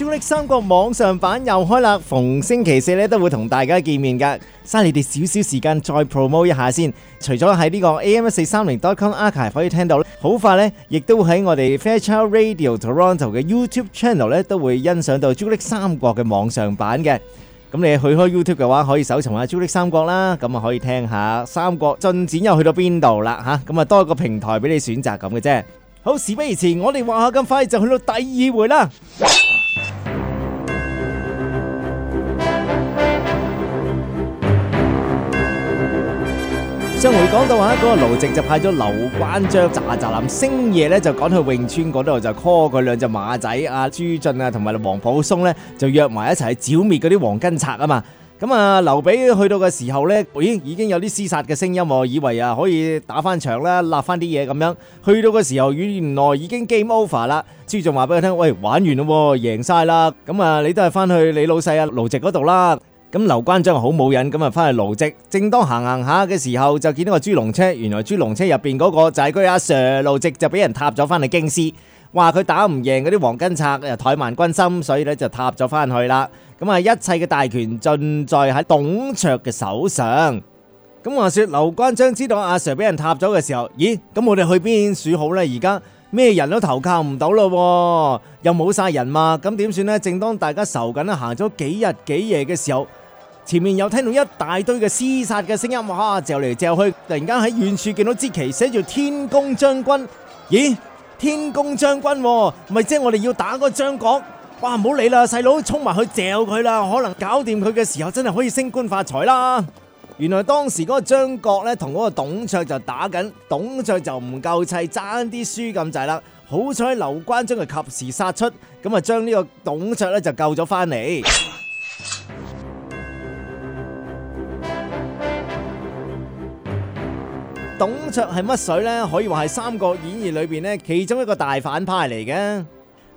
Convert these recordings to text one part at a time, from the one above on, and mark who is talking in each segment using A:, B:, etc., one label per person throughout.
A: 《朱古力三國》網上版又開啦，逢星期四咧都會同大家見面噶，嘥你哋少少時間再 promote 一下先。除咗喺呢個 AM 四三零 dotcom Ark，可以聽到咧，好快咧，亦都會喺我哋 Fairchild Radio Toronto 嘅 YouTube Channel 咧都會欣賞到《朱古力三國》嘅網上版嘅。咁你去開 YouTube 嘅話，可以搜尋下《朱古力三國》啦，咁啊可以聽下三國進展又去到邊度啦，吓，咁啊多一個平台俾你選擇咁嘅啫。好，事不宜遲，我哋話下咁快就去到第二回啦。上回講到話嗰個盧植就派咗劉關張咋咋林，星夜咧就趕去潁川嗰度就 call 佢兩隻馬仔啊朱俊啊同埋皇甫嵩咧就約埋一齊剿滅嗰啲黃巾賊啊嘛，咁啊劉備去到嘅時候咧，已經有啲廝殺嘅聲音，我以為啊可以打翻場啦，立翻啲嘢咁樣，去到嘅時候原原來已經 game over，嗯嗯，啦，朱俊話俾佢聽，喂，玩完咯，贏晒啦，咁啊你都係翻去你老細啊盧植嗰度啦。咁劉關張好冇癮，咁啊翻去盧植。正當行行下嘅時候，就見到個豬籠車。原來豬籠車入邊嗰個就係佢阿 Sir 盧植，就俾人塌咗翻嚟京師，話佢打唔贏嗰啲黃巾賊，又怠慢軍心，所以咧就塌咗翻去啦。咁啊一切嘅大權盡在喺董卓嘅手上。咁話說劉關張知道阿 Sir 俾人塌咗嘅時候，咦？咁我哋去邊處好咧？而家咩人都投靠唔到咯，又冇晒人嘛，咁點算咧？正當大家愁緊啊，行咗幾日幾夜嘅時候，前面又聽到一大堆嘅廝殺嘅聲音，哇、啊，嚼嚟嚼去，突然間喺遠處見到支旗，寫住天公將軍，咦，天公將軍、啊，咪即係我哋要打嗰個張角，哇，唔好理啦，細佬衝埋去嚼佢啦，可能搞掂佢嘅時候，真係可以升官發財啦。原來當時嗰個張角呢，同嗰個董卓就打緊，董卓就唔夠砌，爭啲輸咁滯啦。好彩劉關張佢及時殺出，咁啊將呢個董卓呢，就救咗翻嚟。董卓係乜水呢？可以話係《三國演義》裏邊呢，其中一個大反派嚟嘅。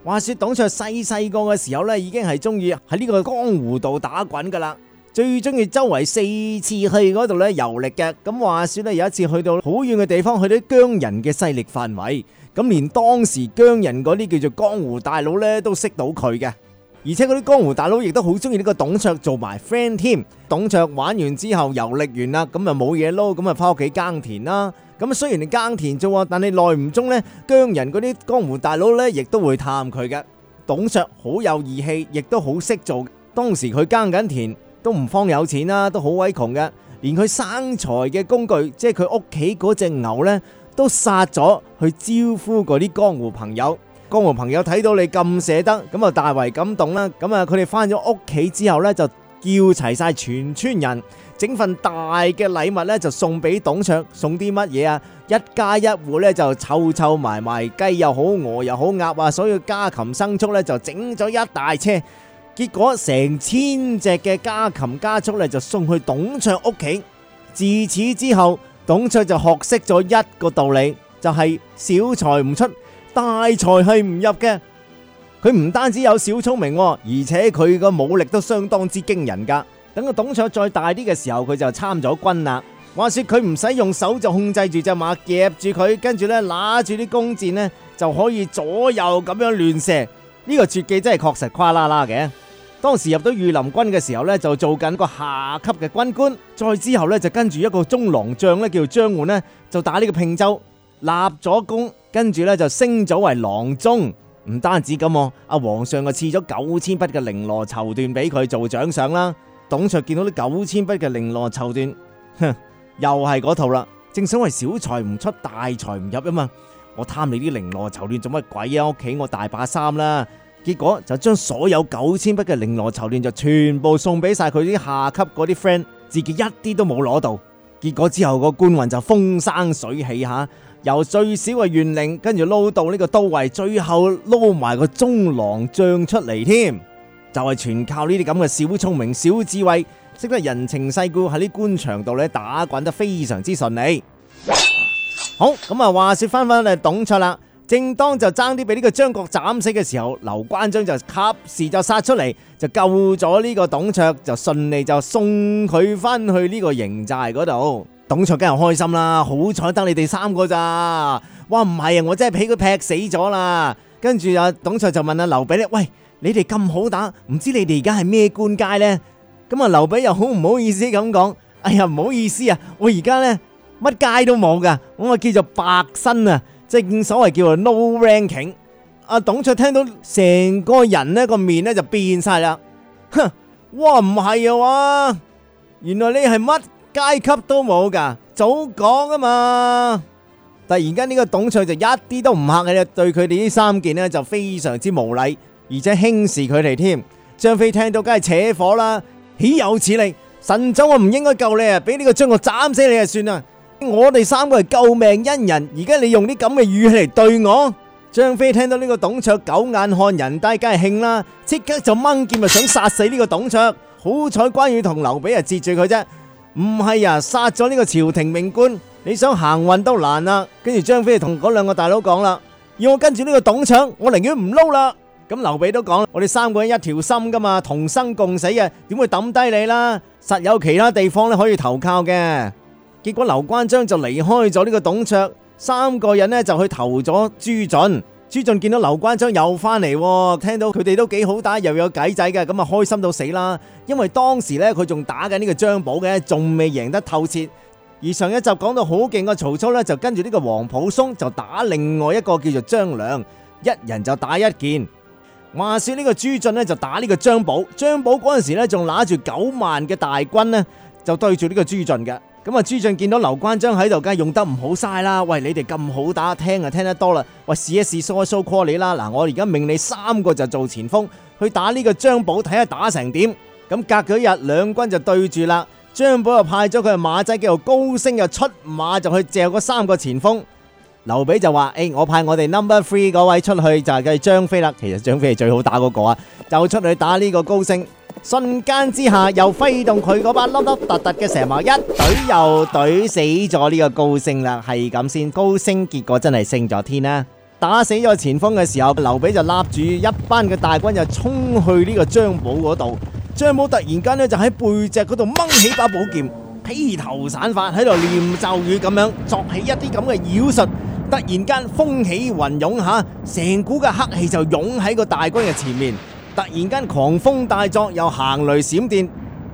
A: 話說董卓細細個嘅時候呢，已經係中意喺呢個江湖度打滾噶啦，最中意周圍四次去嗰度呢遊歷嘅。咁話說呢，有一次去到好遠嘅地方，去到羌人嘅勢力範圍，咁連當時羌人嗰啲叫做江湖大佬呢，都識到佢嘅。而且嗰啲江湖大佬亦都好中意呢個董卓做埋 friend 添。董卓玩完之後遊歷完啦，咁啊冇嘢咯，咁啊翻屋企耕田啦。咁雖然你耕田做啊，但你耐唔中呢？羌人嗰啲江湖大佬呢，亦都會探佢嘅。董卓好有義氣，亦都好識做。當時佢耕緊田，都唔方有錢啦，都好鬼窮嘅。連佢生財嘅工具，即係佢屋企嗰隻牛呢，都殺咗去招呼嗰啲江湖朋友。江湖朋友睇到你咁捨得，咁啊大為感動啦！咁啊，佢哋翻咗屋企之後呢，就叫齊晒全村人，整份大嘅禮物呢，就送俾董卓。送啲乜嘢啊？一家一戶呢就湊湊埋埋，雞又好，鵝又好，鴨啊，所有家禽牲畜呢就整咗一大車。結果成千隻嘅家禽家畜呢就送去董卓屋企。自此之後，董卓就學識咗一個道理，就係小財唔出。大才係唔入嘅。佢唔單止有小聰明，而且佢個武力都相當之驚人噶。等到董卓再大啲嘅時候，佢就參咗軍啦。話說佢唔使用手就控制住隻馬，夾住佢，跟住呢，拿住啲弓箭呢，就可以左右咁樣亂射。呢個絕技真係確實誇啦啦嘅。當時入到御林軍嘅時候呢，就做緊個下級嘅軍官。再之後呢，就跟住一個中郎將呢叫做張奐咧就打呢個并州。立咗功，跟住咧就升咗為郎中，唔單止咁，阿皇上又賜咗九千匹嘅綾羅綢緞俾佢做獎賞啦。董卓見到啲九千匹嘅綾羅綢緞，哼，又係嗰套啦。正所謂小財唔出大財唔入啊嘛，我貪你啲綾羅綢緞做乜鬼啊？屋企我大把衫啦，結果就將所有九千匹嘅綾羅綢緞就全部送俾晒佢啲下級嗰啲 friend，自己一啲都冇攞到。結果之後個官運就風生水起吓。由最小嘅縣令，跟住撈到呢個都尉，最後撈埋個中郎將出嚟添，就係全靠呢啲咁嘅小聰明、小智慧，識得人情世故喺呢官場度咧打滾得非常之順利。好，咁啊，話說翻翻嚟，董卓啦，正當就爭啲俾呢個張角斬死嘅時候，劉關張就及時就殺出嚟，就救咗呢個董卓，就順利就送佢翻去呢個營寨嗰度。董卓梗係開心啦，好彩得你哋三個咋？哇，唔係啊，我真係俾佢劈死咗啦！跟住啊，董卓就問阿劉備咧，喂，你哋咁好打，唔知你哋而家係咩官階咧？咁啊，劉備又好唔好意思咁講，哎呀，唔好意思啊，我而家咧乜階都冇噶，我啊叫做白身啊，即係所謂叫做 no ranking。阿董卓聽到成個人咧個面咧就變晒啦，哼，哇，唔係啊，哇，原來你係乜？階級都冇噶，早講啊嘛！突然間呢個董卓就一啲都唔客氣，對佢哋呢三件呢就非常之無禮，而且輕視佢哋添。張飛聽到梗係扯火啦，豈有此理！神走我唔應該救你啊，俾呢個將我斬死你就算啦。我哋三個係救命恩人，而家你用啲咁嘅語氣嚟對我，張飛聽到呢個董卓狗眼看人低，梗係興啦，即刻就掹劍啊想殺死呢個董卓，好彩關羽同劉備啊截住佢啫。唔係啊！殺咗呢個朝廷命官，你想行運都難啦、啊。跟住張飛就同嗰兩個大佬講啦，要我跟住呢個董卓，我寧願唔撈啦。咁劉備都講啦，我哋三個人一條心噶嘛，同生共死嘅，點會抌低你啦？實有其他地方咧可以投靠嘅。結果劉關張就離開咗呢個董卓，三個人呢就去投咗朱俊。朱儁見到劉關張又翻嚟，聽到佢哋都幾好打，又有計仔嘅，咁啊開心到死啦！因為當時呢，佢仲打緊呢個張寶嘅，仲未贏得透徹。而上一集講到好勁嘅曹操呢，就跟住呢個皇甫嵩就打另外一個叫做張梁，一人就打一件。話說呢個朱儁呢，就打呢個張寶，張寶嗰陣時咧仲拿住九萬嘅大軍呢，就對住呢個朱儁嘅。咁啊！朱俊見到劉關張喺度，梗係用得唔好嘥啦。喂，你哋咁好打，聽啊聽得多啦。喂，試一試 show show call 你啦。嗱，我而家命你三個就做前鋒去打呢個張寶，睇下打成點。咁隔咗日兩軍就對住啦。張寶又派咗佢嘅馬仔叫做高升啊出馬就去借嗰三個前鋒。劉備就話：誒、欸，我派我哋 number three 嗰位出去就係佢張飛啦。其實張飛係最好打嗰個啊，就出去打呢個高升。瞬間之下又揮動佢嗰把凹凹凸凸嘅蛇矛，一懟又懟死咗呢個高升啦，係咁先。高升結果真係升咗天啦！啊！打死咗前鋒嘅時候，劉備就拉住一班嘅大軍就衝去呢個張寶嗰度。張寶突然間呢，就喺背脊嗰度掹起把寶劍，披頭散髮喺度念咒語咁樣作起一啲咁嘅妖術。突然間風起雲湧吓，成股嘅黑氣就湧喺個大軍嘅前面。突然間狂風大作，又行雷閃電，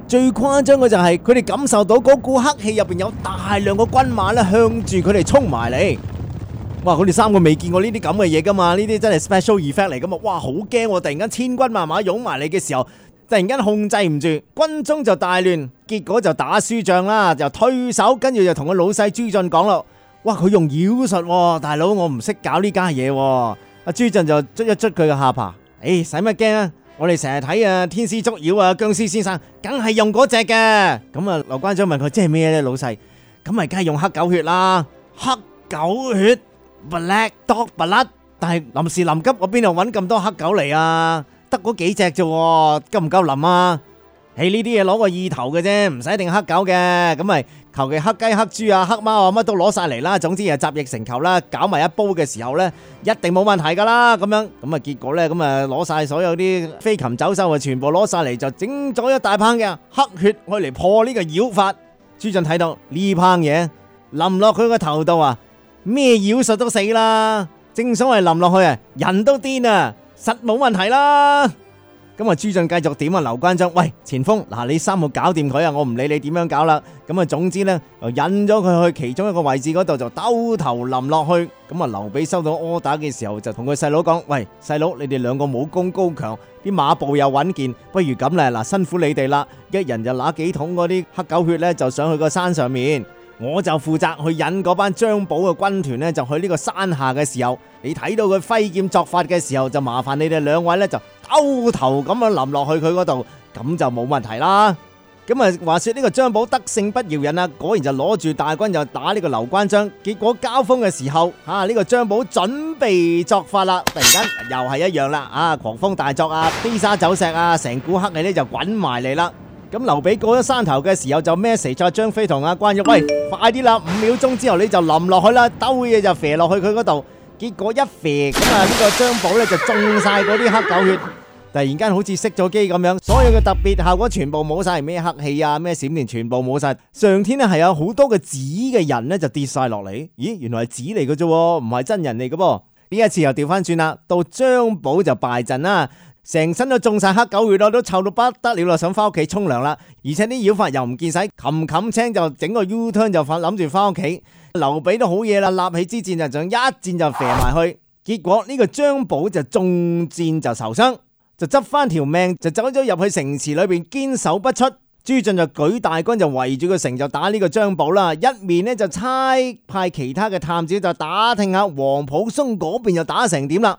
A: 最誇張嘅就係佢哋感受到嗰股黑氣入邊有大量嘅軍馬咧向住佢哋衝埋嚟。哇！佢哋三個未見過呢啲咁嘅嘢噶嘛？呢啲真係 special effect 嚟噶嘛？哇！好驚喎！突然間千軍萬馬擁埋嚟嘅時候，突然間控制唔住，軍中就大亂，結果就打輸仗啦，就推手，跟住就同個老細朱俊講咯。哇！佢用妖術啊，大佬我唔識搞呢家嘢。阿朱俊就捽一捽佢嘅下巴。誒，使乜驚啊？我哋成日睇啊，天師捉妖啊，僵屍先生梗係用嗰隻嘅。咁啊，劉關張問佢即係咩咧，老細？咁咪梗係用黑狗血啦，黑狗血，black dog blood。但係臨時臨急，我邊度搵咁多黑狗嚟啊？得嗰幾隻啫，夠唔夠淋啊？誒，呢啲嘢攞個意頭嘅啫，唔使一定黑狗嘅。咁咪。求其黑雞、黑豬啊、黑貓啊，乜都攞晒嚟啦。總之啊，集腋成裘啦，搞埋一煲嘅時候咧，一定冇問題噶啦。咁樣咁啊，結果咧，咁啊，攞晒所有啲飛禽走獸啊，全部攞晒嚟，就整咗一大捧嘅黑血去嚟破呢個妖法。朱俊睇到呢捧嘢淋落佢個頭度啊，咩妖術都死啦！正所謂淋落去啊，人都癲啊，實冇問題啦。咁啊，朱俊繼續點啊，劉關張喂前鋒，嗱，你三個搞掂佢啊，我唔理你點樣搞啦。咁啊，總之咧，就引咗佢去其中一個位置嗰度，就兜頭淋落去。咁啊，劉備收到柯打嘅時候，就同佢細佬講，喂，細佬，你哋兩個武功高強，啲馬步又穩健，不如咁咧，嗱，辛苦你哋啦，一人就拿幾桶嗰啲黑狗血咧，就上去個山上面。我就負責去引嗰班張寶嘅軍團咧，就去呢個山下嘅時候，你睇到佢揮劍作法嘅時候，就麻煩你哋兩位咧就。勾頭咁樣淋落去佢嗰度，咁就冇問題啦。咁啊，話說呢個張寶得勝不饒人啦，果然就攞住大軍就打呢個劉關張。結果交鋒嘅時候，啊呢個張寶準備作法啦，突然間又係一樣啦，啊狂風大作啊，飛沙走石啊，成股黑氣咧就滾埋嚟啦。咁劉備過咗山頭嘅時候就咩死咗張飛同阿關羽，喂，快啲啦，五秒鐘之後你就淋落去啦，兜嘢就飛落去佢嗰度。結果一肥，咁啊，呢個張寶咧就中晒嗰啲黑狗血，突然間好似熄咗機咁樣，所有嘅特別效果全部冇晒，咩黑氣啊，咩閃電全部冇晒。上天呢係有好多個紙嘅人呢就跌晒落嚟，咦，原來係紙嚟嘅啫，唔係真人嚟嘅噃。呢一次又調翻轉啦，到張寶就敗陣啦，成身都中晒黑狗血咯，都臭到不得了啦，想翻屋企沖涼啦。而且啲妖法又唔見使，冚冚青就整個 U turn 就翻諗住翻屋企。劉備都好嘢啦，立起支箭就想一箭就射埋去，結果呢個張寶就中箭就受傷，就執翻條命就走咗入去城池裏邊堅守不出。朱俊就舉大軍就圍住個城就打呢個張寶啦，一面呢，就差派其他嘅探子就打聽下皇甫嵩嗰邊又打成點啦。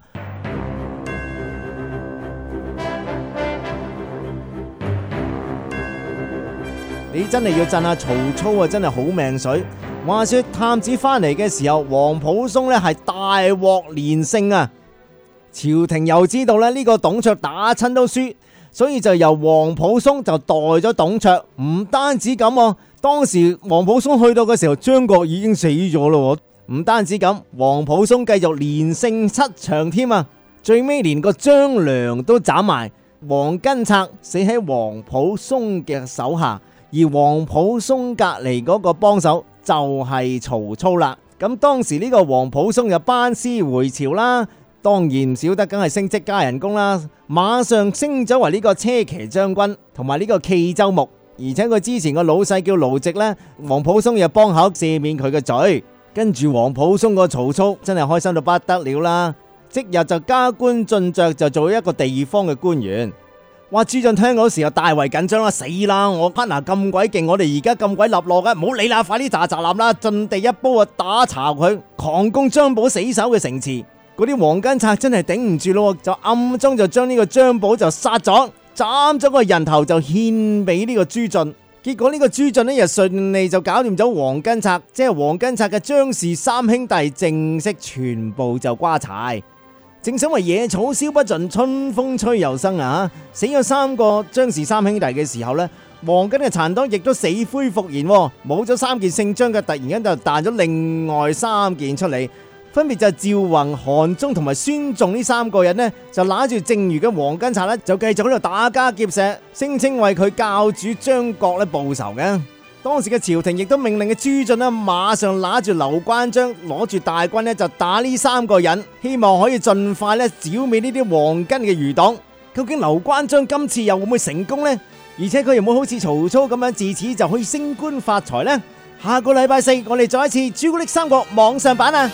A: 你真係要震下、啊、曹操啊！真係好命水。話說探子翻嚟嘅時候，皇甫嵩咧係大獲連勝啊！朝廷又知道咧呢個董卓打親都輸，所以就由皇甫嵩就代咗董卓。唔單止咁，啊、當時皇甫嵩去到嘅時候，張角已經死咗咯。唔單止咁，皇甫嵩繼續連勝七場添啊！最尾連個張梁都斬埋，黃巾賊死喺皇甫嵩嘅手下，而皇甫嵩隔籬嗰個幫手，就係曹操啦，咁當時呢個皇甫嵩又班師回朝啦，當然唔少得，梗係升職加人工啦，馬上升咗為呢個車騎將軍同埋呢個冀州牧，而且佢之前個老細叫盧植呢，皇甫嵩又幫口赦免佢嘅罪。跟住皇甫嵩個曹操真係開心到不得了啦，即日就加官進爵，就做一個地方嘅官員。話朱進聽嗰時候大為緊張啦，死啦！我 partner 咁鬼勁，我哋而家咁鬼立落㗎，唔好理啦，快啲扎扎冧啦，盡地一波啊，打殘佢，狂攻張寶死守嘅城池，嗰啲黃巾賊真係頂唔住咯，就暗中就將呢個張寶就殺咗，斬咗個人頭就獻俾呢個朱進，結果呢個朱進呢又順利就搞掂咗黃巾賊，即係黃巾賊嘅張氏三兄弟正式全部就瓜柴。正所謂野草燒不盡，春風吹又生啊！死咗三個張氏三兄弟嘅時候呢，黃巾嘅殘黨亦都死灰復燃，冇咗三件姓張嘅，突然間就彈咗另外三件出嚟，分別就係趙弘、韓忠同埋孫仲呢三個人呢，就揦住剩餘嘅黃巾賊呢就繼續喺度打家劫舍，聲稱為佢教主張角呢報仇嘅。當時嘅朝廷亦都命令嘅朱俊咧，馬上拿住劉關張，攞住大軍咧，就打呢三個人，希望可以盡快咧剿滅呢啲黃巾嘅餘黨。究竟劉關張今次又會唔會成功呢？而且佢又冇好似曹操咁樣自此就可以升官發財呢？下個禮拜四我哋再一次朱古力三國網上版啊！